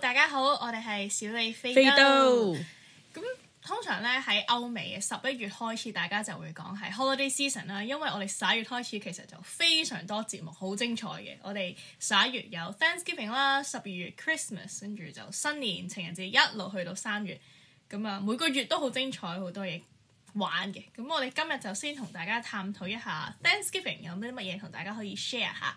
大家好，我哋係小李飛刀到。咁通常咧喺歐美嘅十一月開始，大家就會講係 holiday season 啦。因為我哋十一月開始其實就非常多節目，好精彩嘅。我哋十一月有 Thanksgiving 啦，十二月 Christmas，跟住就新年、情人節一路去到三月，咁啊每個月都好精彩，好多嘢玩嘅。咁我哋今日就先同大家探討一下 Thanksgiving 有啲乜嘢同大家可以 share 下。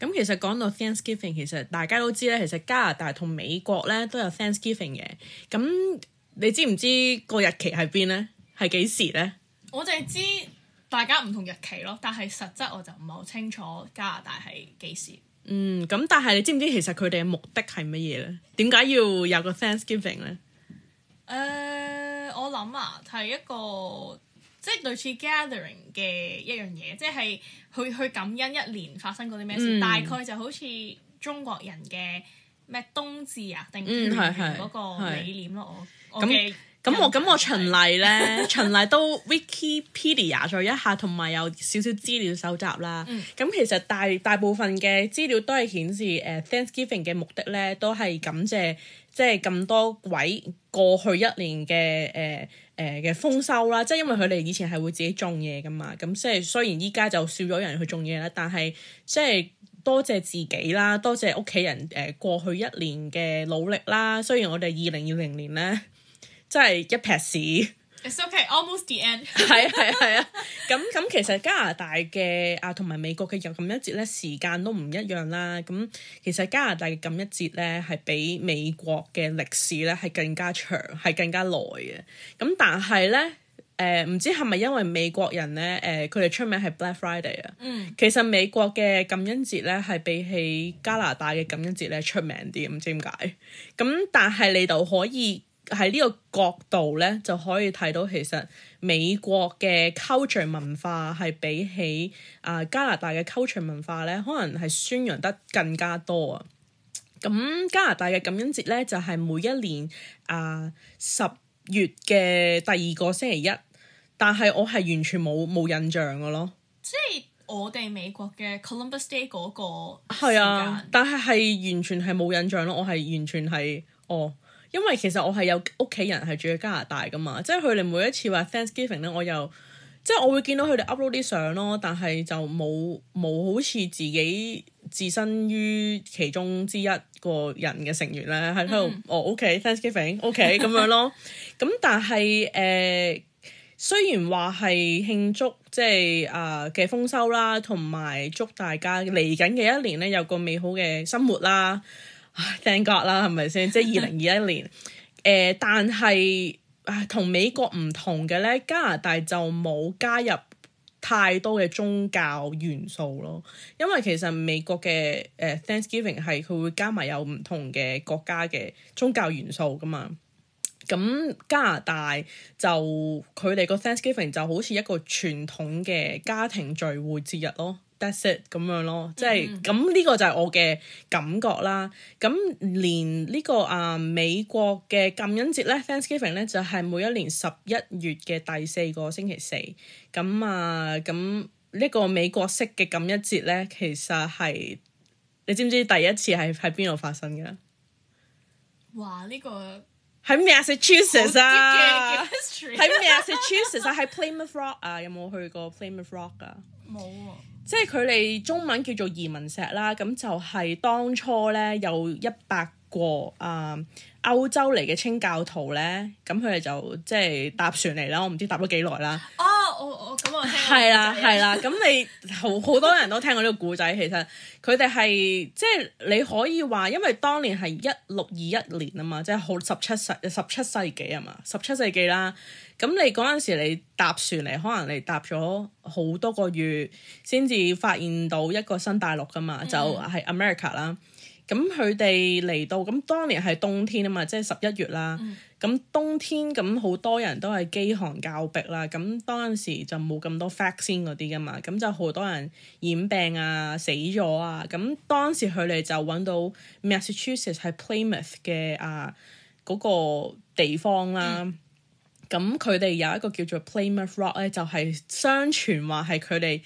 咁其實講到 Thanksgiving，其實大家都知咧，其實加拿大同美國咧都有 Thanksgiving 嘅。咁你知唔知個日期係邊咧？係幾時咧？我淨係知大家唔同日期咯，但係實質我就唔係好清楚加拿大係幾時。嗯，咁但係你知唔知其實佢哋嘅目的係乜嘢咧？點解要有個 Thanksgiving 咧？誒、呃，我諗啊，係一個。即係類似 gathering 嘅一樣嘢，即係去去感恩一年發生過啲咩事，嗯、大概就好似中國人嘅咩冬至啊，定嗰個理念咯、嗯，我我嘅、嗯。咁我咁我循例咧，循例 都 Wikipedia 咗一下，同埋有，有少少資料搜集啦。咁、嗯、其實大大部分嘅資料都係顯示，誒、uh, Thanksgiving 嘅目的咧，都係感謝即係咁多位過去一年嘅誒誒嘅豐收啦。即、就、係、是、因為佢哋以前係會自己種嘢噶嘛，咁即係雖然依家就少咗人去種嘢啦，但係即係多謝自己啦，多謝屋企人誒、uh, 過去一年嘅努力啦。雖然我哋二零二零年咧。真係一撇屎。It's okay, almost the mile end。係係係啊，咁、嗯、咁、嗯、其實加拿大嘅啊同埋美國嘅感恩節咧，時間都唔一樣啦。咁、嗯、其實加拿大嘅感恩節咧，係比美國嘅歷史咧，係更加長，係更加耐嘅。咁、嗯嗯、但係咧誒唔知係咪因為美國人咧誒佢哋出名係 Black Friday 啊？嗯。其實美國嘅感恩節咧，係比起加拿大嘅感恩節咧，出名啲，唔知點解。咁、嗯、但係你就可以。喺呢個角度咧，就可以睇到其實美國嘅 culture 文化係比起啊、呃、加拿大嘅 culture 文化咧，可能係宣揚得更加多啊。咁加拿大嘅感恩節咧，就係、是、每一年啊呃、十月嘅第二個星期一，但係我係完全冇冇印象嘅咯。即係我哋美國嘅 Columbus Day 嗰個，係啊，但係係完全係冇印象咯。我係完全係哦。因為其實我係有屋企人係住喺加拿大㗎嘛，即係佢哋每一次話 Thanksgiving 咧，我又即係我會見到佢哋 upload 啲相咯，但係就冇冇好似自己置身於其中之一個人嘅成員咧，喺喺度哦，OK Thanksgiving，OK、okay，咁 樣咯。咁但係誒、呃，雖然話係慶祝即係啊嘅豐收啦，同埋祝大家嚟緊嘅一年咧有個美好嘅生活啦。thank god 啦，係咪先？即係二零二一年。誒、呃，但係同、呃、美國唔同嘅咧，加拿大就冇加入太多嘅宗教元素咯。因為其實美國嘅誒、呃、Thanksgiving 係佢會加埋有唔同嘅國家嘅宗教元素噶嘛。咁加拿大就佢哋個 Thanksgiving 就好似一個傳統嘅家庭聚會節日咯。咁樣咯，即係咁呢個就係我嘅感覺啦。咁連呢個啊美國嘅感恩節咧，Thanksgiving 咧就係每一年十一月嘅第四個星期四。咁啊咁呢個美國式嘅感恩節咧，其實係你知唔知第一次係喺邊度發生嘅？哇！呢個喺 Massachusetts 啊，喺 Massachusetts 喺 Plymouth Rock 啊，有冇去過 Plymouth Rock 啊？冇。即係佢哋中文叫做移民石啦，咁就係當初咧有一百個啊歐洲嚟嘅清教徒咧，咁佢哋就即係搭船嚟啦，我唔知搭咗幾耐啦。Oh. 哦哦，咁我係啦係啦，咁你好好 多人都聽過呢個故仔，其實佢哋係即係你可以話，因為當年係一六二一年啊嘛，即係好十七世十七世紀啊嘛，十七世紀啦。咁你嗰陣時你搭船嚟，可能你搭咗好多個月，先至發現到一個新大陸㗎嘛，嗯、就係 America 啦。咁佢哋嚟到咁，當年係冬天啊嘛，即係十一月啦。咁、嗯、冬天咁好多人都係饑寒交迫啦。咁當陣時就冇咁多 vaccine 啲噶嘛，咁就好多人染病啊、死咗啊。咁當時佢哋就搵到 Massachusetts 係 Plymouth 嘅啊、嗰個地方啦。咁佢哋有一個叫做 Plymouth Rock 咧，就係、是、相傳話係佢哋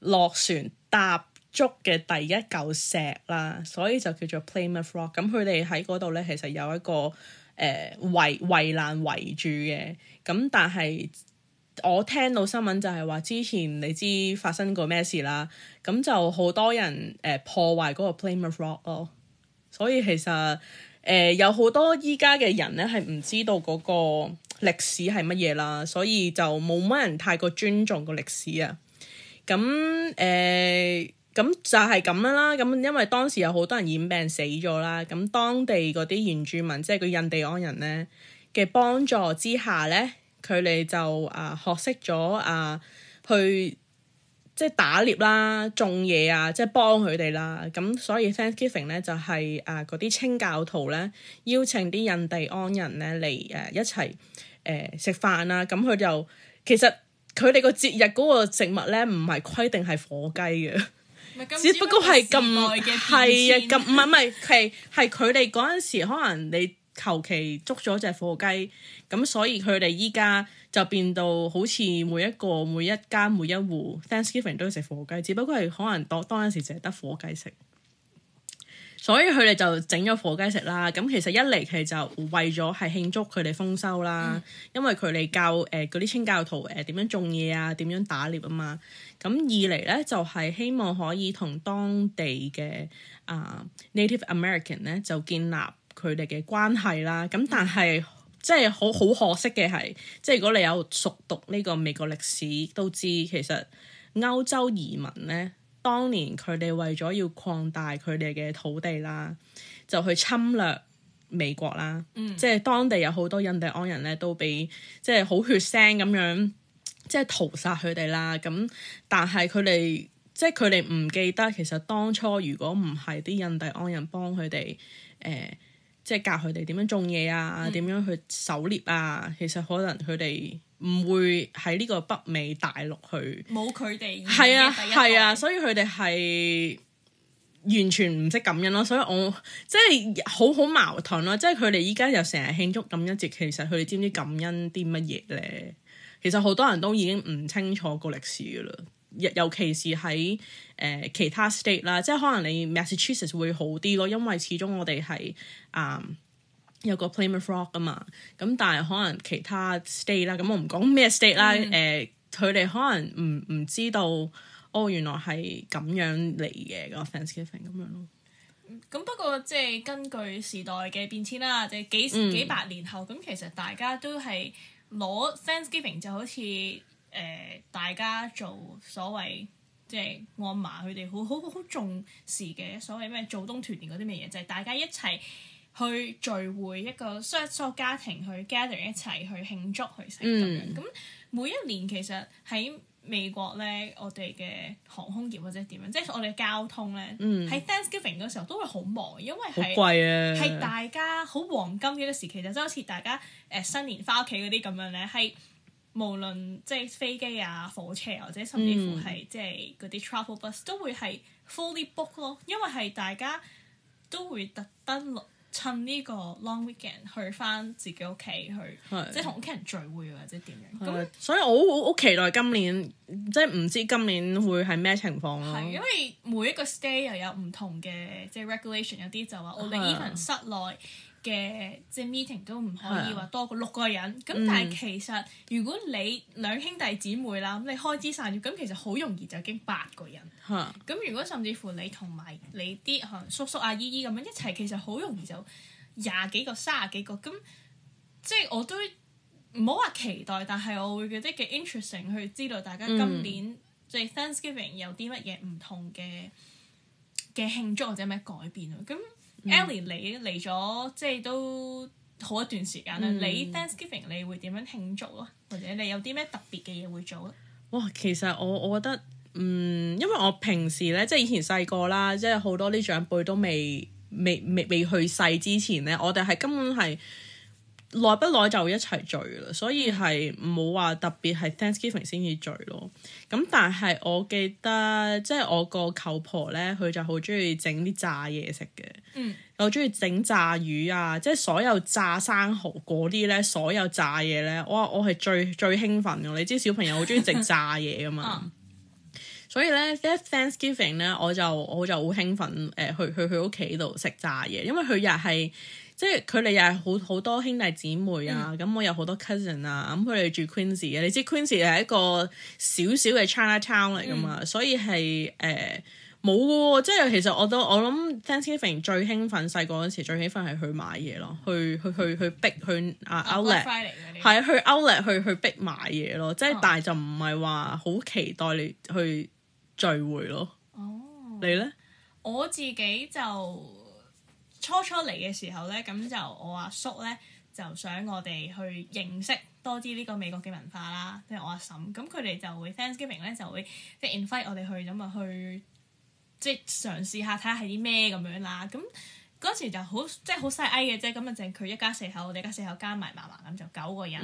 落船搭。足嘅第一嚿石啦，所以就叫做 Plymouth Rock。咁佢哋喺嗰度咧，其實有一個誒圍圍欄圍住嘅。咁、呃、但係我聽到新聞就係話之前你知發生過咩事啦？咁就好多人誒、呃、破壞嗰個 Plymouth Rock 咯。所以其實誒、呃、有好多依家嘅人咧，係唔知道嗰個歷史係乜嘢啦，所以就冇乜人太過尊重個歷史啊。咁誒。呃咁、嗯、就係、是、咁樣啦。咁、嗯、因為當時有好多人染病死咗啦，咁、嗯、當地嗰啲原住民，即係佢印第安人咧嘅幫助之下咧，佢哋就啊、呃、學識咗啊去即係打獵啦、種嘢啊，即係幫佢哋啦。咁所以 Thanksgiving 咧就係啊嗰啲清教徒咧邀請啲印第安人咧嚟誒一齊誒食飯啦。咁、嗯、佢就其實佢哋個節日嗰個食物咧唔係規定係火雞嘅。只不過係咁耐嘅是，係啊是，咁唔係唔係，係係佢哋嗰陣時可能你求其捉咗隻火雞，咁所以佢哋依家就變到好似每一個每一間每一戶 Thanksgiving 都要食火雞，只不過係可能當當陣時淨係得火雞食。所以佢哋就整咗火雞食啦，咁其實一嚟其實就為咗係慶祝佢哋豐收啦，嗯、因為佢哋教誒嗰啲清教徒誒點、呃、樣種嘢啊，點樣打獵啊嘛，咁二嚟咧就係、是、希望可以同當地嘅啊、呃、Native American 咧就建立佢哋嘅關係啦，咁但係即係好好可惜嘅係，即係如果你有熟讀呢個美國歷史都知，其實歐洲移民咧。當年佢哋為咗要擴大佢哋嘅土地啦，就去侵略美國啦，嗯，即係當地有好多印第安人咧，都俾，即係好血腥咁樣，即係屠殺佢哋啦。咁但係佢哋，即係佢哋唔記得，其實當初如果唔係啲印第安人幫佢哋，誒、呃。即係教佢哋點樣種嘢啊，嗯、點樣去狩獵啊，其實可能佢哋唔會喺呢個北美大陸去，冇佢哋係啊，係啊，所以佢哋係完全唔識感恩咯。所以我即係好好矛盾咯、啊。即係佢哋依家又成日慶祝感恩節，其實佢哋知唔知感恩啲乜嘢咧？其實好多人都已經唔清楚個歷史噶啦。尤其是喺誒、呃、其他 state 啦，即係可能你 Massachusetts 會好啲咯，因為始終我哋係誒有個 Plymouth Rock 啊嘛，咁但係可能其他 state 啦，咁我唔講咩 state 啦，誒佢哋可能唔唔知道，哦原來係咁樣嚟嘅個 Thanksgiving 咁樣咯。咁不過即係根據時代嘅變遷啦，即、就、係、是、幾、嗯、幾百年後，咁其實大家都係攞 Thanksgiving 就好似。誒、呃，大家做所謂即係我阿嫲佢哋好好好重視嘅所謂咩做冬團年嗰啲咩嘢，就係、是、大家一齊去聚會一個所有家庭去 gather 一齊去慶祝去成咁樣。嗯、每一年其實喺美國咧，我哋嘅航空業或者點樣，即係我哋嘅交通咧，喺、嗯、Thanksgiving 嗰時候都會好忙，因為係係、啊、大家好黃金嘅一個時期，就即係好似大家誒、呃、新年翻屋企嗰啲咁樣咧，係。無論即係飛機啊、火車、啊、或者甚至乎係、嗯、即係嗰啲 travel bus 都會係 fully booked 咯，因為係大家都會特登趁呢個 long weekend 去翻自己屋企去，是即係同屋企人聚會或者點樣。咁的那所以我好好期待今年，即係唔知今年會係咩情況咯。係因為每一個 stay 又有唔同嘅即係 regulation，有啲就話我哋 even 室內。嘅即係 meeting 都唔可以話多過六個人，咁、啊、但係其實如果你兩兄弟姊妹啦，咁、嗯、你開枝散葉，咁其實好容易就已經八個人。嚇、啊！咁如果甚至乎你同埋你啲叔叔阿姨姨咁樣一齊，其實好容易就廿幾個、三十幾個，咁即係我都唔好話期待，但係我會覺得幾 interesting 去知道大家今年即係、嗯、Thanksgiving 有啲乜嘢唔同嘅嘅慶祝或者咩改變啊？咁 Ellie，你嚟咗即係都好一段時間啦。嗯、你 Thanksgiving 你會點樣慶祝啊？或者你有啲咩特別嘅嘢會做咧？哇，其實我我覺得，嗯，因為我平時咧，即係以前細個啦，即係好多啲長輩都未未未未去世之前咧，我哋係根本係。耐不耐就一齊聚啦，所以係冇話特別係 Thanksgiving 先至聚咯。咁但係我記得，即係我個舅婆咧，佢就好中意整啲炸嘢食嘅，嗯，又中意整炸魚啊，即係所有炸生蠔嗰啲咧，所有炸嘢咧，哇！我係最最興奮嘅，你知小朋友好中意食炸嘢噶嘛？ 啊、所以咧，一 Thanksgiving 咧，我就我就好興奮誒、呃，去去去佢屋企度食炸嘢，因為佢日係。即係佢哋又係好好多兄弟姊妹啊！咁我有好多 cousin 啊，咁佢哋住 Queens 嘅。你知 Queens 係一個小小嘅 China Town 嚟㗎嘛？所以係誒冇嘅。即係其實我都我諗 Thanksgiving 最興奮細個嗰時最興奮係去買嘢咯，去去去去逼去啊 Outlet 係去 Outlet 去去逼買嘢咯。即係但係就唔係話好期待你去聚會咯。哦，你咧？我自己就。初初嚟嘅時候咧，咁就我阿叔咧就想我哋去認識多啲呢個美國嘅文化啦、就是， 即係我阿嬸，咁佢哋就會 Fansgiving 咧就會即係 invite 我哋去咁啊去即係嘗試下睇下係啲咩咁樣啦，咁。嗰時就好，即係好細埃嘅啫，咁啊，淨係佢一家四口，我哋家四口加埋嫲嫲，咁就九個人，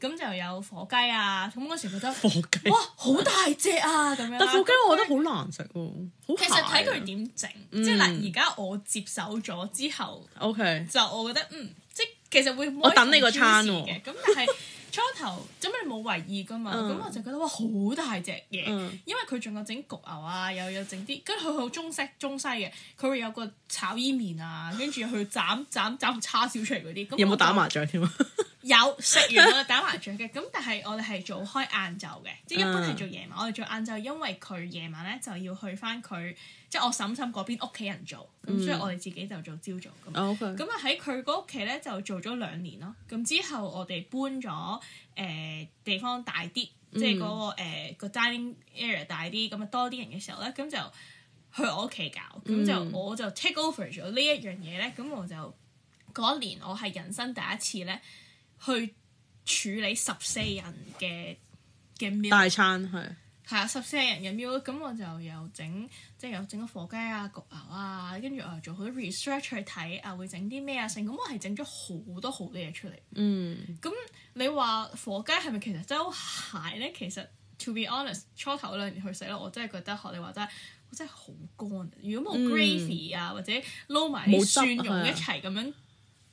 咁、嗯、就有火雞啊！咁嗰時覺得，火雞哇，好大隻啊！咁樣，但火雞我覺得好難食喎、啊，樣其實睇佢點整，嗯、即係嗱，而家我接手咗之後，OK，就我覺得嗯，即係其實會，我等你個餐嘅、啊。咁但係。 初頭，咁你冇為意㗎嘛？咁、嗯、我就覺得哇，好大隻嘢！嗯、因為佢仲有整焗牛啊，又有整啲，跟住佢好中式中西嘅，佢會有個炒伊麵啊，跟住去斬斬斬條叉燒出嚟嗰啲。有冇打麻將添啊？ 有食完啦，打麻將嘅。咁但係我哋係做開晏晝嘅，即係、嗯、一般係做夜晚。我哋做晏晝，因為佢夜晚咧就要去返佢。即係我嬸嬸嗰邊屋企人做，咁、嗯、所以我哋自己就做朝早咁。咁啊喺佢個屋企咧就做咗兩年咯，咁之後我哋搬咗誒、呃、地方大啲，嗯、即係、那、嗰個誒個、呃、dining area 大啲，咁啊多啲人嘅時候咧，咁就去我屋企搞，咁、嗯、就我就 take over 咗呢一樣嘢咧，咁我就嗰一年我係人生第一次咧去處理十四人嘅嘅大餐係。係啊，十四人嘅 meal 咁我就又整，即係又整咗火雞啊、焗牛啊，跟住我又做好多 research 去睇啊，會整啲咩啊成，咁我係整咗好多好多嘢出嚟。嗯。咁你話火雞係咪其實真係好蟹咧？其實 to be honest，初頭兩年去食咧，我真係覺得學你話齋，我真係好乾。如果冇 gravy 啊，嗯、或者撈埋啲蒜蓉一齊咁樣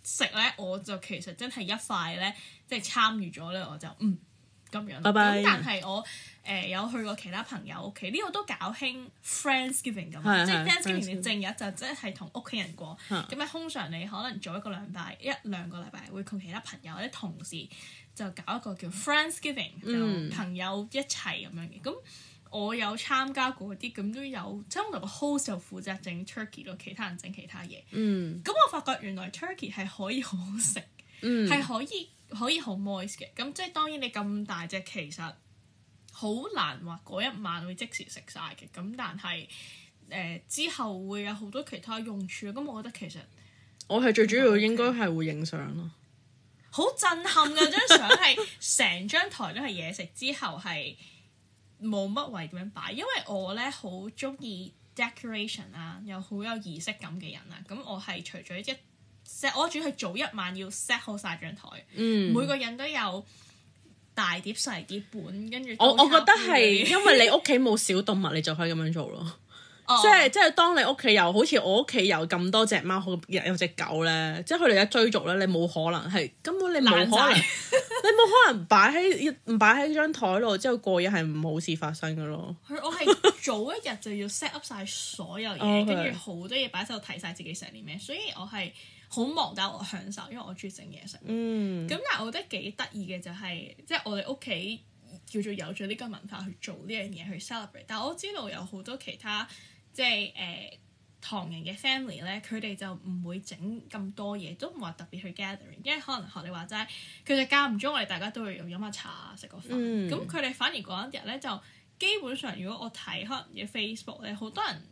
食咧，我就其實真係一塊咧，即係參與咗咧，我就嗯。咁樣，咁 bye ,、yeah. 但係我誒有去過其他朋友屋企，呢、這個都搞興 Friendsgiving 咁，即係 Friendsgiving 你正日就即係同屋企人過。咁咧，通 常樂、嗯、你可能早一個禮拜一兩個禮拜會同其他朋友或者同事就搞一個叫 Friendsgiving， 就朋友一齊咁樣嘅。咁我有參加過啲，咁都有。通常個 host 就負責整 turkey 咯，其他人整其他嘢。 嗯。咁我發覺原來 turkey 係可以好好食，係可以。可以好 moist 嘅，咁即係當然你咁大隻，其實好難話嗰一晚會即時食晒嘅，咁但係誒、呃、之後會有好多其他用處，咁我覺得其實我係最主要應該係會影相咯，好 Okay. 震撼㗎 張相係成張台都係嘢食，之後係冇乜位點樣擺，因為我咧好中意 decoration 啊，又好有，有儀式感嘅人啊。咁我係除咗一 set 我主要係早一晚要 set 好晒張台，嗯、每個人都有大碟細碟本，跟住我我覺得係因為你屋企冇小動物，你就可以咁樣做咯、哦。即係即係當你屋企有好似我屋企有咁多隻貓，有有隻狗咧，即係佢哋一追逐咧，你冇可能係根本你冇可能，了你冇可能擺喺擺喺張台度之後過夜係唔好事發生嘅咯。我係早一日就要 set up 晒所有嘢，跟住好多嘢擺晒度睇晒自己成年咩，所以我係。好忙，但我享受，因為我中意整嘢食。嗯，咁但係我覺得幾得意嘅就係，即係我哋屋企叫做有咗呢個文化去做呢樣嘢去 celebrate。但係我知道有好多其他即係誒唐人嘅 family 咧，佢哋就唔會整咁多嘢，都唔話特別去 gathering，因為可能學你話齋，佢就間唔中我哋大家都會用飲下茶、食個飯。咁佢哋反而嗰一日咧就基本上，如果我睇可能嘅 Facebook 咧，好多人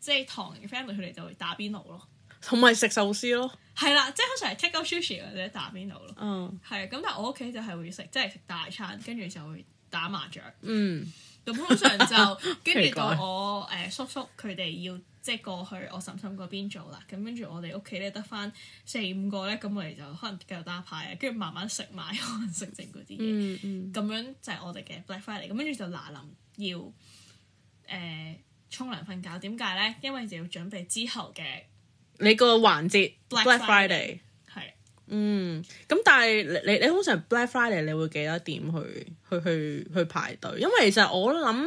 即係唐人嘅 family 佢哋就會打邊爐咯。同埋食壽司咯，係啦，即係通常係 take out sushi 或者打邊爐咯。嗯、oh.，係啊，咁但係我屋企就係會食，即係食大餐，跟住就會打麻將。嗯，咁通常就跟住 怪到我誒、呃、叔叔佢哋要即係過去我嬸嬸嗰邊做啦。咁跟住我哋屋企咧得返四五個咧，咁我哋就可能繼續打牌，跟住慢慢食埋，可能食剩嗰啲嘢。嗯嗯、mm，咁、hmm. 樣就係我哋嘅 Black Friday 嚟。咁跟住就嗱臨要誒沖涼瞓覺，點解咧？因為就要準備之後嘅。你個環節 Black Friday 係 Black Friday, 的，嗯咁，但係你你你通常 Black Friday 你會幾多點去去去去排隊？因為其實我諗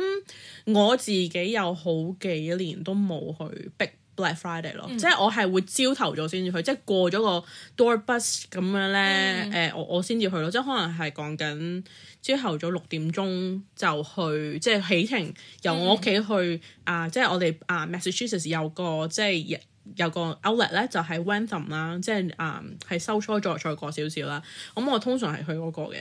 我自己有好幾年都冇去逼 Black Friday 咯、嗯，即係我係會朝頭早先至去，即係過咗個 door bus 咁樣咧。誒、嗯呃，我我先至去咯，即係可能係講緊朝頭早六點鐘就去，即係起程由我屋企去啊、嗯呃，即係我哋啊、呃、Massachusetts 有個即係。有個 Outlet 咧，就係 Wantham 啦，即係啊，係收初再再過少少啦。咁我通常係去嗰個嘅。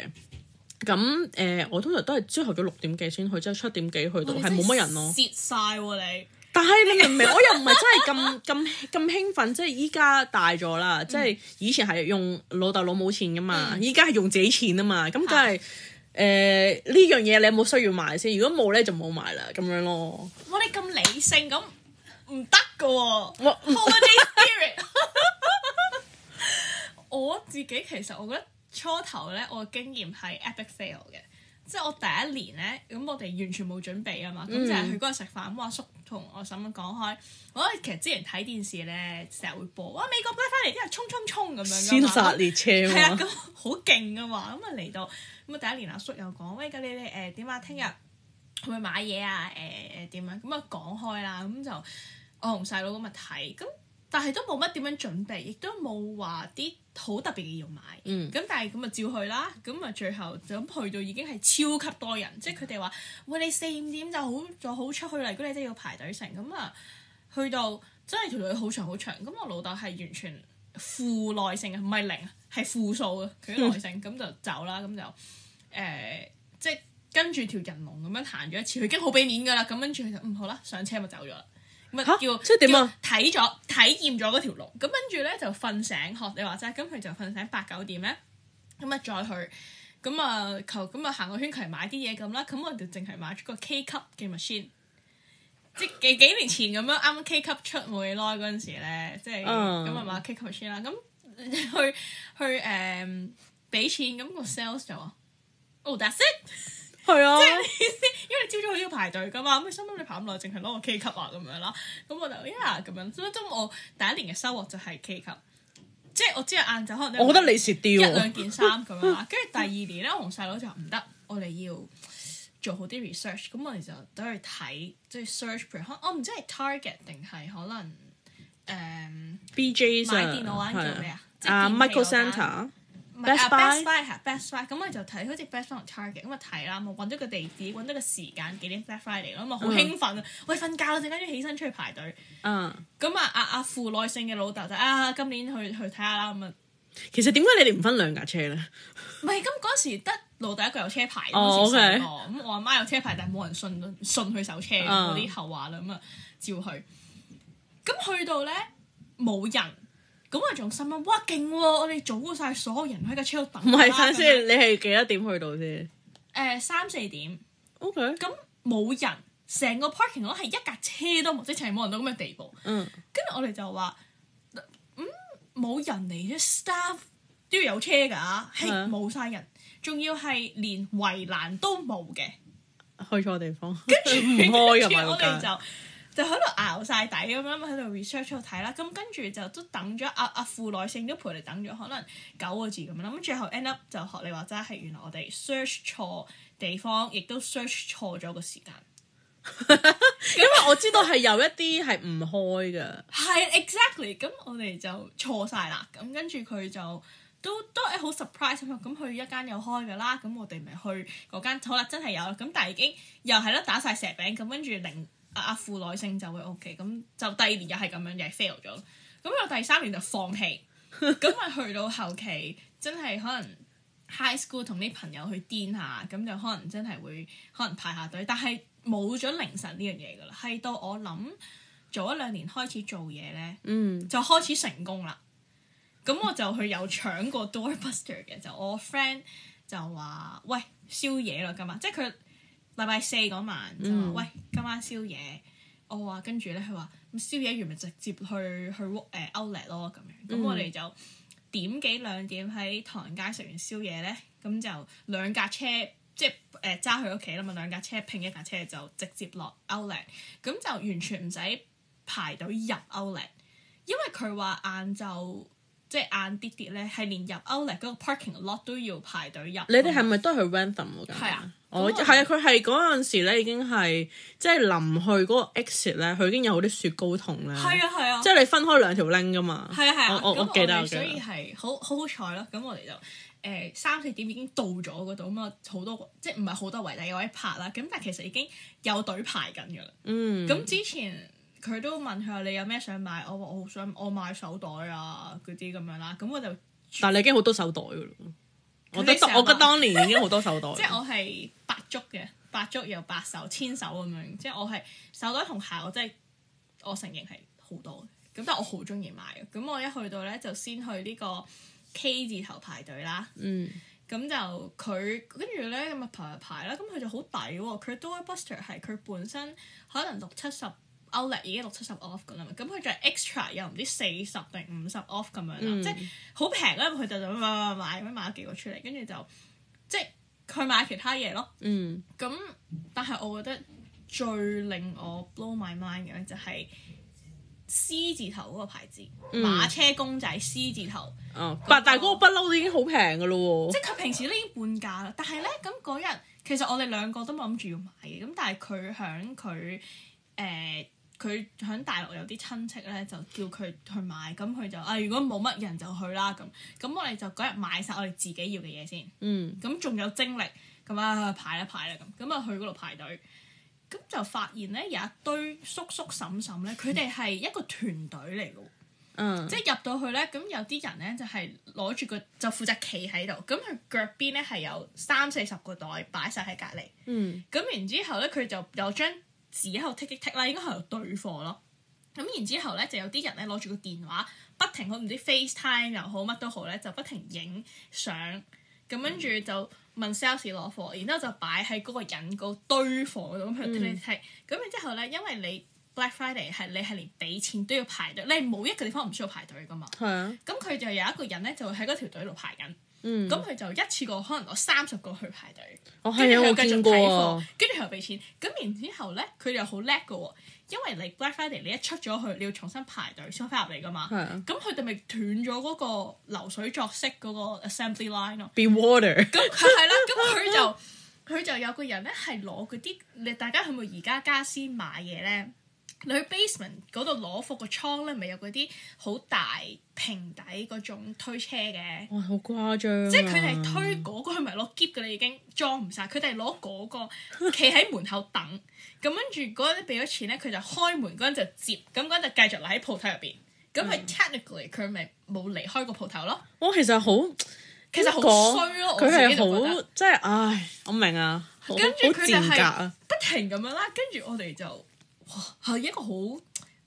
咁誒，我通常都係朝頭早六點幾先去，即係七點幾去到，係冇乜人咯，蝕曬你。但係你明唔明？我又唔係真係咁咁咁興奮，即係依家大咗啦，即係以前係用老豆老母錢噶嘛，依家係用自己錢啊嘛，咁梗係誒呢樣嘢你有冇需要買先？如果冇咧，就冇買啦，咁樣咯。我哋咁理性咁～唔得噶喎 holiday spirit 我自己其實我覺得初頭咧，我經驗係 epic fail 嘅，即係我第一年咧，咁我哋完全冇準備啊嘛，咁就係去嗰日食飯，咁阿叔同我阿嬸咁講開，我覺得其實之前睇電視咧，成日會播，哇！美國兵翻嚟之後，衝衝衝咁樣，先殺列車，係啊，咁好勁噶嘛，咁啊嚟到咁啊第一年阿叔又講，喂，咁你你誒點啊？聽日去去買嘢啊？誒誒點啊？咁啊講開啦，咁就。我同細佬咁咪睇，咁但係都冇乜點樣準備，亦都冇話啲好特別嘅要買，咁、嗯、但係咁咪照去啦。咁咪最後就咁去到已經係超級多人，嗯、即係佢哋話：喂，你四五點就好就好出去啦。如果你真係要排隊成咁啊，去到真係條隊好長好長。咁我老豆係完全負耐性嘅，唔係零，係負數嘅佢耐性。咁 就走啦，咁就誒、呃，即係跟住條人龍咁樣行咗一次，佢已經、嗯、好俾面㗎啦。咁跟住佢就嗯好啦，上車咪走咗啦。咪叫即點啊？睇咗睇厭咗嗰條路，咁跟住咧就瞓醒學你話齋，咁佢就瞓醒八九點咧，咁咪再去，咁啊求咁啊行個圈，佢買啲嘢咁啦，咁我哋淨係買咗個 K 級嘅 machine，即幾幾年前咁樣啱啱 K 級出冇幾耐嗰陣時咧，即係咁啊買 K 級 machine 啦，咁去去誒俾、um, 錢，咁、那個 sales 就話哦，h、oh, that's it。係啊，即係你先，因為朝早佢要排隊噶嘛，咁你心諗你排咁耐，淨係攞個 K 級啊咁樣啦，咁我就呀咁樣，所以當我第一年嘅收穫就係 K 級，即係我之後晏晝可能我，我覺得你蝕掉一，喔、一兩件衫咁樣啦，跟住 第二年咧，我同細佬就唔得，我哋要做好啲 research，咁我哋就走去睇即係、就是、search p a 我唔知係 target 定係可能誒 B. J. 買電腦玩做咩啊？啊、uh, Michael Center。Best Buy 係 Best Buy，咁我就睇好似 Best Buy 同 Target 咁啊睇啦，我揾咗個地址，揾咗個時間幾點 Black Friday 咯，咁啊好興奮啊！喂，瞓覺啦，陣間要起身出去排隊。嗯，咁啊阿父耐性嘅老豆就啊，今年去去睇下啦咁啊。其實點解你哋唔分兩架車咧？唔係咁，嗰時得老豆一個有車牌，好似細個咁，我阿媽有車牌，但係冇人信信佢手車嗰啲後話啦，咁啊照去。咁去到咧，冇人。咁我仲心諗，哇勁喎、哦！我哋早晒所有人喺架車度等。唔係，翻先，你係幾多點去到先？誒、呃，三四點。O K。咁冇人，成個 parking 我係一架車都冇，即係冇人到咁嘅地步。嗯。跟住我哋就話，嗯，冇人嚟啫。Staff 都要有車㗎，係冇晒人，仲要係連圍欄都冇嘅。去錯地方。跟 住著，跟住 我哋就。 就喺度熬晒底咁樣，喺度 research 度睇啦。咁跟住就都等咗阿阿父耐性都陪嚟等咗，可能九個字咁樣啦。咁最後 end up 就學你話齋係原來我哋 search 錯地方，亦都 search 錯咗個時間。 因為我知道係有一啲係唔開噶。係 exactly，咁我哋就錯晒啦。咁跟住佢就都都好 surprise 咁。咁佢一間有開噶啦，咁我哋咪去嗰間。好啦，真係有啦。咁但係已經又係啦，打晒蛇餅咁，跟住零。阿、啊、父耐性就會 OK，咁就第二年又係咁樣又 fail 咗，咁我第三年就放棄，咁咪 去到後期真係可能 high school 同啲朋友去癲下，咁就可能真係會可能排下隊，但係冇咗凌晨呢樣嘢噶啦，係到我諗做一兩年開始做嘢咧，嗯、就開始成功啦。咁我就去有搶過 doorbuster 嘅，就我 friend 就話：，喂，宵夜啦今日，即係佢。禮拜四嗰晚就話：嗯、喂，今晚宵夜？我話跟住咧，佢話咁宵夜完咪直接去去誒 Outlet 咯咁樣。咁、嗯、我哋就點幾兩點喺唐人街食完宵夜咧，咁就兩架車，即係誒揸佢屋企啦嘛，呃、兩架車拼一架車就直接落 Outlet，咁就完全唔使排隊入 Outlet，因為佢話晏晝。即係晏啲啲咧，係連入 outlet 嗰個 parking lot 都要排隊入，那個。你哋係咪都係去 Wrentham？係啊，我係啊，佢係嗰陣時咧已經係即係臨去嗰個 exit 咧，佢已經有啲雪糕筒咧。係啊係啊，啊即係你分開兩條 link 噶嘛。係啊係啊，咁、啊、我哋我所以係好好好彩咯。咁我哋就誒、呃、三四點已經到咗嗰度，咁啊好多即係唔係好多位，但係有位泊啦。咁但係其實已經有隊排緊噶啦。嗯，咁、嗯、之前。佢都問佢話，你有咩想買？我話我好想我買手袋啊嗰啲咁樣啦，咁我就。但係你已經好多手袋噶啦，我覺得當年已經好多手袋。 即係我係百足嘅，百足又百手，千手咁樣。即係我係手袋同鞋我，我真係我承認係好多。咁但係我好中意買嘅。咁我一去到咧，就先去呢個 K 字頭排隊啦。嗯。咁就佢跟住咧咁啊排排啦，咁佢就好抵喎。佢 Door Buster 係佢本身可能六七十。Outlet 已經六七十 off 噶啦嘛，咁佢就 extra 又唔知四十定五十 off 咁樣啦，嗯、即係好平啦。佢就咁買，買，咁樣買咗幾個出嚟，跟住就即係佢買其他嘢咯。咁、嗯、但係我覺得最令我 blow my mind 嘅就係獅字頭嗰個牌子、嗯、馬車公仔獅字頭。嗯、那個，但係嗰個不嬲都已經好平噶咯喎。即係佢平時都已經半價啦，但係咧咁嗰日其實我哋兩個都冇諗住要買嘅，咁但係佢響佢誒。呃佢喺大陸有啲親戚咧，就叫佢去買，咁佢就啊，如果冇乜人就去啦咁。咁我哋就嗰日買晒我哋自己要嘅嘢先。嗯。咁仲有精力，咁啊排一排啦咁，咁啊去嗰度排隊。咁就發現咧有一堆叔叔嬸嬸咧，佢哋係一個團隊嚟咯。嗯。即係入到去咧，咁有啲人咧就係攞住個就負責企喺度，咁佢腳邊咧係有三四十個袋擺晒喺隔籬。嗯。咁然之後咧，佢就又將。只喺度 take take take 啦，應該係喺度堆貨咯。咁然之後咧，就有啲人咧攞住個電話，不停去唔知 FaceTime 又好乜都好咧，就不停影相。咁跟住就問 sales 攞貨，然之後就擺喺嗰個人嗰堆貨度咁去 take take。咁然之後咧，因為你 Black Friday 係你係連俾錢都要排隊，你係冇一個地方唔需要排隊噶嘛。咁佢、嗯、就有一個人咧，就會喺嗰條隊度排緊。嗯，咁佢就一次過可能攞三十個去排隊，跟住佢又繼續睇貨，跟住佢又俾錢。咁然之後咧，佢哋又好叻嘅，因為你 Black Friday 你一出咗去，你要重新排隊先可以入嚟噶嘛。係啊，咁佢哋咪斷咗嗰個流水作息嗰個 assembly line 咯。Be water。咁係啦，咁佢就佢 就有個人咧係攞嗰啲，你大家係咪而家家私買嘢咧？你去 basement 嗰度攞貨個倉咧，咪有嗰啲好大平底嗰種推車嘅。哇，好誇張、啊！即係佢哋推嗰個，佢咪攞篋噶啦，已經裝唔晒。佢哋攞嗰個，企喺門口等。咁 跟住嗰個人俾咗錢咧，佢就開門，嗰個就接，咁嗰個就繼續嚟喺鋪頭入邊。咁佢 technically 佢咪冇、嗯、離開個鋪頭咯。我其實好，其實好衰咯。佢係好，即係、這個、唉，我明啊，跟住佢就係啊，不停咁樣啦。跟住我哋就。係一個好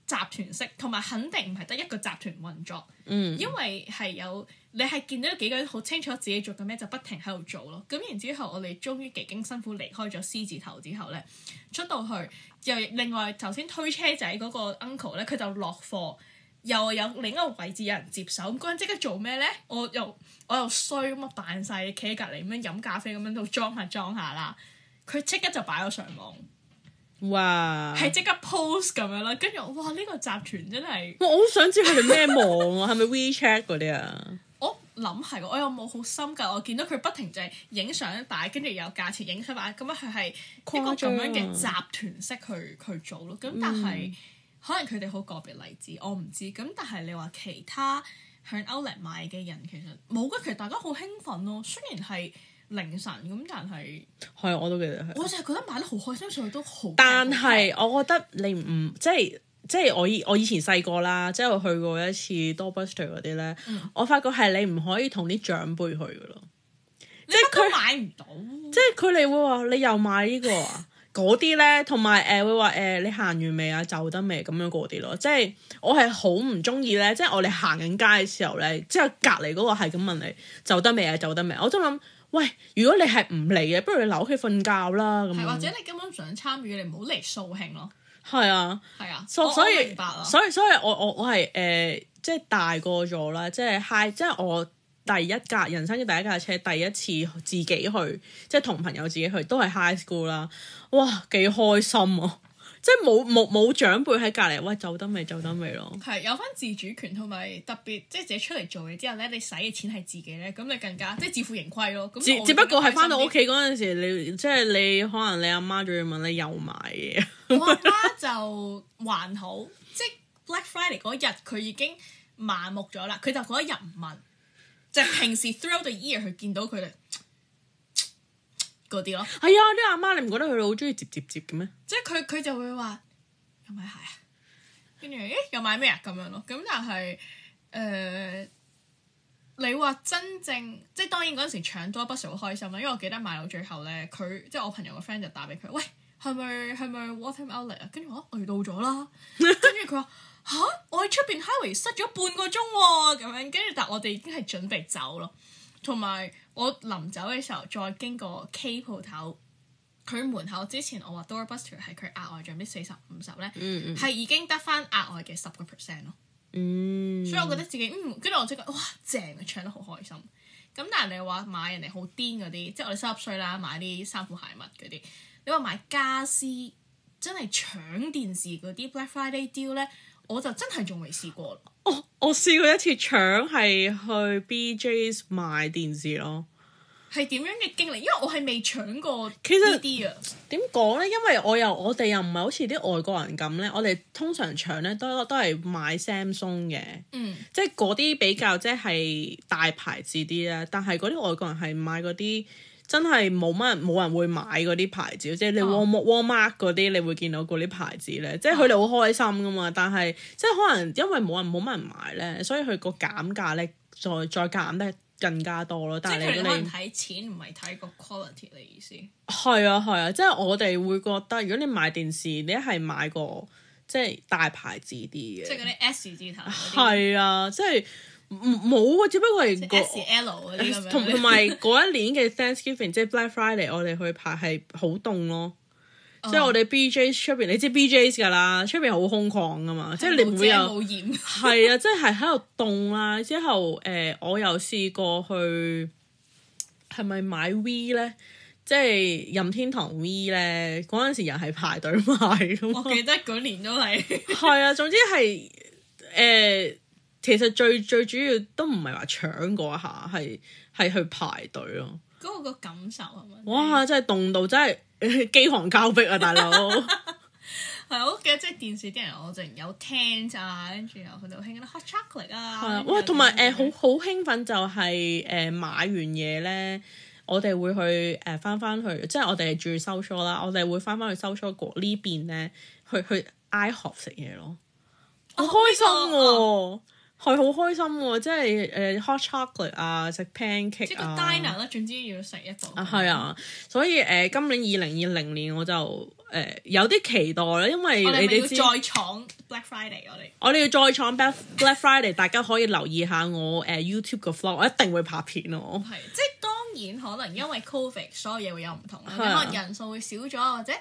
集團式，同埋肯定唔係得一個集團運作，嗯、因為係有你係見到幾個人好清楚自己做緊咩，就不停喺度做咯。咁然之後，我哋終於幾經辛苦離開咗獅子頭之後咧，出到去又另外頭先推車仔嗰個 uncle 咧，佢就落貨，又有另一個位置有人接手。咁嗰陣即刻做咩咧？我又我又衰咁啊，扮晒企喺隔離咁樣飲咖啡，咁樣到裝下裝下啦。佢即刻就擺咗上網。哇！係即刻 post 咁樣啦，跟住哇呢、這個集團真係，我好想知佢哋咩網啊，係咪 WeChat 嗰啲啊？我諗係，我有冇好深噶，我見到佢不停就係影相擺，跟住有價錢影相擺，咁樣佢係一個咁樣嘅集團式去去做咯。咁但係、嗯、可能佢哋好個別例子，我唔知。咁但係你話其他向 Outlet 買嘅人，其實冇嘅。其實大家好興奮咯，雖然係。凌晨咁，但係係我都記得係。我就係覺得買得好開心， 上去都好。但係我覺得你唔即係即係我我以前細個啦，即係去過一次多巴士嗰啲咧，嗯、我發覺係你唔可以同啲長輩去嘅咯。即係佢買唔到，即係佢哋會話你又買、這個、 呢個啊？嗰啲咧，同埋誒會話誒、呃、你行完未啊？走得未咁樣嗰啲咯。即係我係好唔中意咧，即係我哋行緊街嘅時候咧，即係隔離嗰個係咁問你走得未啊？走得未？我就諗。喂，如果你係唔嚟嘅，不如你留喺屋企瞓覺啦。咁樣，係或者你根本唔想參與，你唔好嚟掃興咯。係啊，係啊，所以，所以所以所以，我我我係誒，即係大個咗啦，即係 high，即係我第一架人生嘅第一架車，第一次自己去，即係同朋友自己去，都係 high school 啦。哇，幾開心啊！即係冇冇冇長輩喺隔籬，喂，走得未走得未咯？係有返自主權同埋特別，即係自己出嚟做嘢之後咧，你使嘅錢係自己咧，咁你更加即係自負盈虧咯。只只不過係返到屋企嗰陣時，你即係你可能你阿媽仲要問你又買嘢？我阿媽，媽就還好， 即係 Black Friday 嗰日佢已經麻木咗啦，佢就嗰一日唔問，就係、平時 through the year，去見到佢。嗰啲咯，係啊，啲 阿、哎、媽，媽你唔覺得佢哋好中意接接接嘅咩？即係佢佢就會話：有買鞋啊，跟住誒又買咩啊咁樣咯。咁但係誒、呃，你話真正即係當然嗰陣時搶到，不時好開心啦。因為我記得買到最後咧，佢即係我朋友個 friend 就打俾佢：喂，係咪係咪 Watermelon 啊？跟住我話：我到咗啦。跟住佢話：吓？我喺出邊 highway 塞咗半個鐘喎，咁樣跟住，但我哋已經係準備走咯，同埋。我臨走嘅時候再經過 K 鋪頭，佢門口之前我話 doorbuster 係佢額外贈啲四十五十咧，係、hmm. 已經得翻額外嘅十個 percent 咯。Mm hmm. 所以我覺得自己嗯，跟住我即覺哇正啊，搶得好開心。咁但係你話買人哋好癲嗰啲，即係我哋濕濕碎啦，買啲衫褲鞋襪嗰啲。你話買家私，真係搶電視嗰啲 Black Friday deal 咧，我就真係仲未試過。我、oh, 我試過一次搶係去 BJS 買電視咯，係點樣嘅經歷？因為我係未搶過，其實點講咧？因為我又我哋又唔係好似啲外國人咁咧，我哋通常搶咧都都係買 Samsung 嘅，嗯，即係嗰啲比較即係大牌子啲啦。但係嗰啲外國人係買嗰啲。真係冇乜人，冇人會買嗰啲牌子，即係你 Wal-Wal-Mart 嗰啲，你會見到嗰啲牌子咧，即係佢哋好開心噶嘛。啊、但係即係可能因為冇人冇乜人買咧，所以佢個減價咧、啊、再再減得更加多咯。但係佢哋睇錢唔係睇個 quality 嘅意思。係啊係啊，即係我哋會覺得如果你買電視，你係買個即係大牌子啲嘅，即係嗰啲 S 字頭。係啊，即係。冇啊，只不過係 SL 同同埋嗰一年嘅 Thanksgiving， 即係 Black Friday，我哋去排係好凍咯。Oh. 即係我哋 BJ's 出邊，你知 BJ's 噶啦，出邊好空曠噶嘛，是 即係你唔會又係啊，即係喺度凍啦。之後誒、呃，我又試過去係咪買 V 咧，即係任天堂 V 咧。嗰陣時又係排隊買咯。我記得嗰年都係係啊，總之係誒。呃嗯其實最最主要都唔係話搶過一下，係係去排隊咯、啊。嗰個感受係咪？哇！真係凍到真係飢寒交迫啊，大佬、啊！係，呃，我記得即係電視啲人，我仲有 tent 啊，跟住又佢哋興嗰啲 hot chocolate 啊。係啊，哇、啊！同埋誒好好興奮，就係誒買完嘢咧，我哋會去誒返返去，即係我哋係住收縮啦，我哋會返返去收縮過呢邊咧，去去 IHOP 食嘢咯。我開心喎！係好開心喎，即係誒、呃、hot chocolate 啊，食 pancake 啊，即個 dinner 啦，總之要食一個。啊係啊，所以誒、呃、今年二零二零年我就誒、呃、有啲期待啦，因為你哋要再闖 Black Friday，我哋我哋要再闖 Black Friday， 大家可以留意下我誒、呃、YouTube 個 vlog，我一定會拍片咯、啊。係，即當然可能因為 COVID 所有嘢會有唔同啦，啊、可能人數會少咗或者。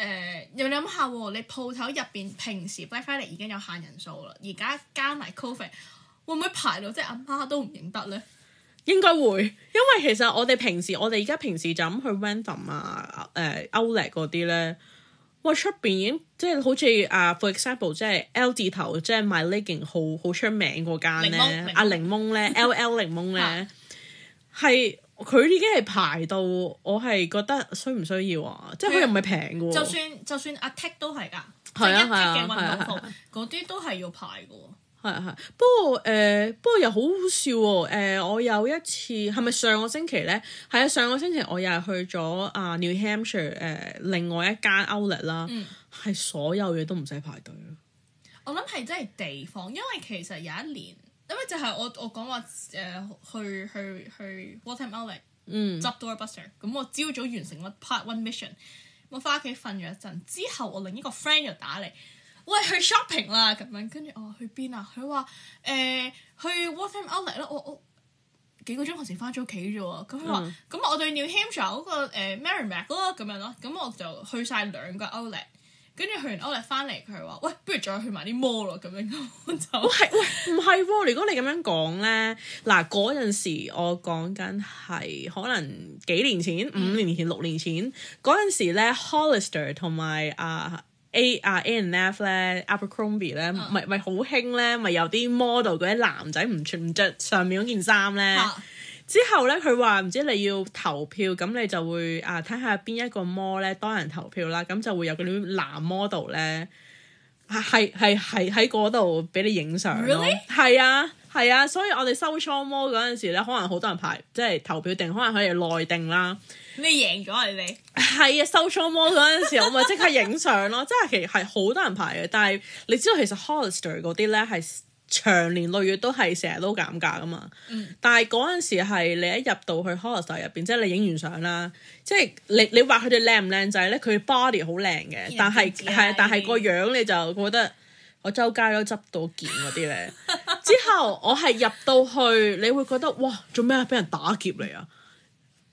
誒、呃、又諗下喎、哦，你鋪頭入邊平時 WiFi 嚟已經有限人數啦，而家加埋 COVID，會唔會排到即係阿媽都唔認得咧？應該會，因為其實我哋平時我哋而家平時就咁去 Random 啊、呃、Outlet 嗰啲咧，哇出邊已經即係好似啊、uh，for example 即係 L 字頭即係賣 legging 好好出名嗰間咧，阿檸檬咧，LL 檸檬咧係。佢已經係排到，我係覺得需唔需要啊？即係佢又唔係平嘅喎。就算、啊、就算 attack 都係㗎，即係一 attack 嘅運動服，嗰啲、啊啊啊、都係要排嘅。係啊，啊，啊不過誒、呃，不過又好好笑喎、啊呃。我有一次係咪上個星期咧？係啊，上個星期我又係去咗啊 New Hampshire 誒、呃、另外一間 Outlet 啦，係、嗯、所有嘢都唔使排隊。我諗係真係地方，因為其實有一年。因為就係我我講話誒、呃、去去去 Wrentham Outlet 執 Door、嗯、Buster，咁我朝早完成咗 Part One Mission，我翻屋企瞓咗一陣，之後我另一個 friend 又打嚟，喂，去 shopping 啦咁樣，跟住我去邊啊？佢話誒去 Wrentham Outlet 咯，我我幾個鐘頭前翻咗屋企啫喎，咁佢話，咁、嗯、我對 New Hampshire 嗰個誒、呃、Merrimack 咯咁樣咯，咁我就去晒兩個 Outlet。跟住去完歐力翻嚟，佢話：喂，不如再去埋啲 model 咁樣就。 喂喂，唔係，如果你咁樣講咧，嗱嗰陣時我講緊係可能幾年前、五、嗯、年前、六年前嗰陣時咧，Hollister 同埋啊、uh, A、uh, A and F 咧、Abercrombie 咧，咪咪好興咧，咪有啲 model 嗰啲男仔唔穿唔著上面嗰件衫咧。之後咧，佢話唔知你要投票，咁你就會啊睇下邊一個 model 多人投票啦，咁就會有嗰啲男 model 咧，係係係喺嗰度俾你影相咯。係 Really? 啊係啊，所以我哋收初 model 嗰陣時咧，可能好多人排，即係投票定，可能佢哋內定啦。你贏咗啊你？係啊，收初 model 嗰陣時， 我咪即刻影相咯。即係其實係好多人排嘅，但係你知道其實 Hollister 嗰啲咧係。長年累月都係成日都減價噶嘛，嗯、但係嗰陣時係你一入到去 house 入邊，即、就、係、是、你影完相啦，即、就、係、是、你你話佢哋靚唔靚仔咧，佢 body 好靚嘅，但係係但係個樣你就覺得我周街都執到件嗰啲咧， 之後我係入到去，你會覺得哇，做咩啊？俾人打劫嚟啊！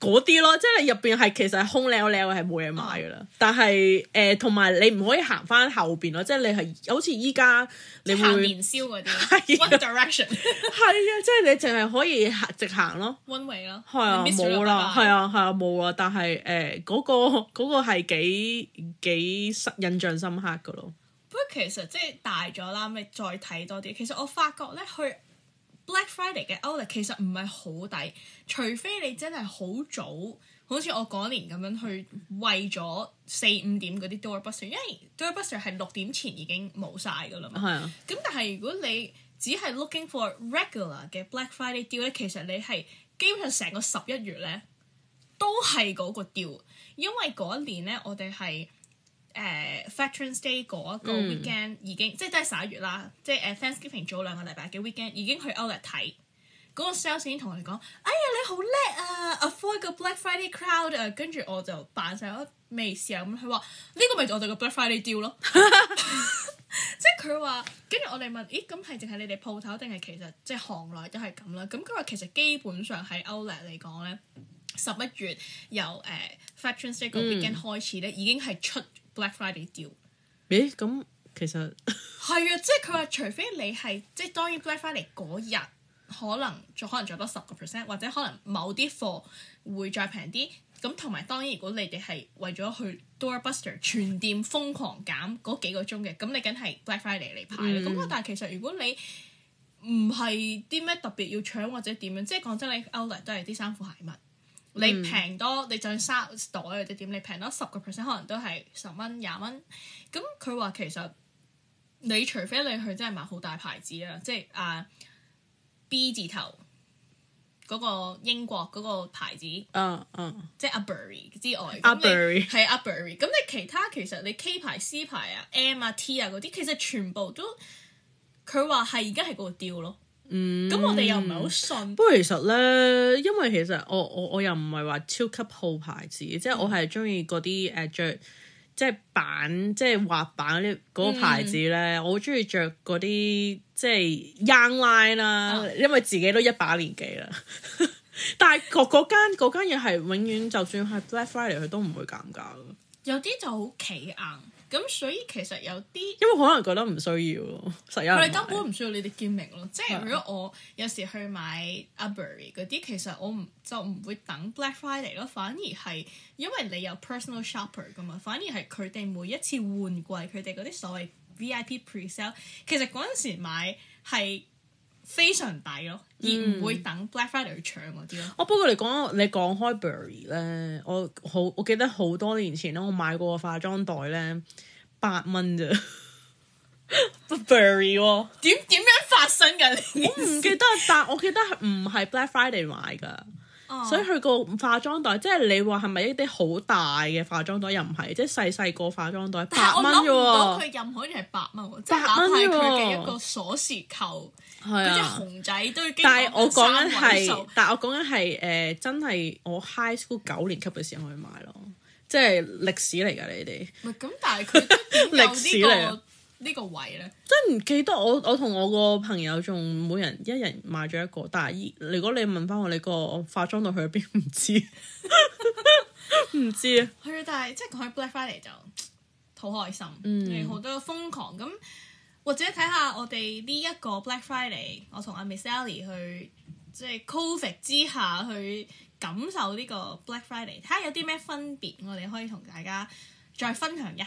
嗰啲咯，即係入邊係其實係空寥寥，係冇嘢買噶啦。Oh. 但係誒，呃，同埋你唔可以行翻後邊咯，即係你係好似依家你會行年宵嗰啲 One Direction 係 啊，即係你淨係可以行直行咯，One way 咯，係啊，冇啦 Like Mr. 了，係啊，係啊，冇啦。但係誒，嗰個、呃、嗰個係幾幾印象深刻噶咯。不過其實即係大咗啦，咪再睇多啲。其實我發覺咧去。Black Friday 嘅 outlet 其實唔係好抵，除非你真係好早，好似我嗰年咁樣去為咗四五點嗰啲 doorbuster 因為 doorbuster 係六點前已經冇晒噶啦嘛。咁、oh, yeah. 但係如果你只係 looking for regular 嘅 Black Friday deal 咧，其實你係基本上成個十一月咧都係嗰個 deal，因為嗰一年咧我哋係。誒 Veterans Day 嗰一個 weekend 已經、mm. 即係都係十一月啦，即係誒、uh, Thanksgiving 早兩個禮拜嘅 weekend 已經去 Outlet 睇，嗰、那個 sales 已經同我哋講：哎呀你好叻啊，avoid 個 Black Friday crowd 啊！跟住我就扮晒。嗰媚笑咁，佢話呢個咪就我哋個 Black Friday deal 咯。 即係佢話，跟住我哋問：咦咁係淨係你哋鋪頭定係其實即係行內都係咁啦？咁佢話其實基本上喺 Outlet 嚟講咧，十一月由誒 Veterans Day 嗰 weekend 開始咧，mm. 已經係出。Black Friday 掉、欸？咦，咁其實係啊，即係佢話除非你係即係當然 Black Friday 嗰日可能就可能做多十個 percent，或者可能某啲貨會再平啲。咁同埋當然，如果你哋係為咗去 Doorbuster 全店瘋狂減嗰幾個鐘嘅，咁你梗係 Black Friday 嚟排啦。嗯。咁啊，但係其實如果你唔係啲咩特別要搶或者點樣，即係講真，你 outlet 都係啲衫褲鞋襪。你平多，你就算沙袋或者點，你平多十個 percent，可能都係十蚊、廿蚊。咁佢話其實，你除非你去真係買好大牌子啊，即係啊、uh, B 字頭嗰、嗰個英國嗰個牌子，嗯嗯，即係 Aberi 之外，Aberi 係 Aberi。咁你其他其實你 K 牌、C 牌啊、M 啊、T 啊嗰啲，其實全部都佢話係而家係個吊咯。咁、嗯、我哋又唔係好信。不過其實咧，因為其實我我我又唔係話超級好牌子，嗯、即係我係中意嗰啲誒著即係板即係滑板嗰啲嗰個牌子咧，嗯、我好中意着嗰啲即係 Young Line 啦、啊，啊、因為自己都一把年紀啦。 但係嗰嗰間嗰間嘢係永遠，就算係 Black Friday 佢都唔會減價嘅。有啲就好企硬。咁所以其實有啲，因為可能覺得唔需要咯，佢哋根本唔需要你哋見明咯。即係如果我有時去買 Abbey 嗰啲，其實我唔就唔會等 Black Friday 咯，反而係因為你有 personal shopper 噶嘛，反而係佢哋每一次換季，佢哋嗰啲所謂 VIP pre-sale，其實嗰陣時買係。非常抵咯，而唔會等 Black Friday 去搶嗰啲咯。我、嗯哦、不過你講，你講開 Bury 咧，我好，我記得好多年前咧，我買過個化妝袋咧，八蚊咋，Bury 點點樣發生噶？ 我唔記得，但我記得係唔係 Black Friday 買噶。所以佢個化妝袋，即係你話係咪一啲好大嘅化妝袋？又唔係，即係細細個化妝袋。但係我諗唔到佢任何嘢係百蚊，即係打開佢嘅一個鎖匙扣，嗰隻熊仔都要經。但係我講緊係，但係我講緊係誒，真係我 high school 九年級嘅時候去買咯，即係歷史嚟㗎，你哋。唔係咁，但係佢歷史嚟。呢個位咧，真唔記得我我同我個朋友仲每人一人買咗一個，但係如果你問翻我你個化妝到去邊唔知，唔 知啊道。係 但係即係講起 Black Friday 就好開心，好、嗯、多瘋狂咁，或者睇下我哋呢一個 Black Friday，我同阿 Miss Sally 去即係、就是、Covid 之下去感受呢個 Black Friday，睇下有啲咩分別，我哋可以同大家再分享一下。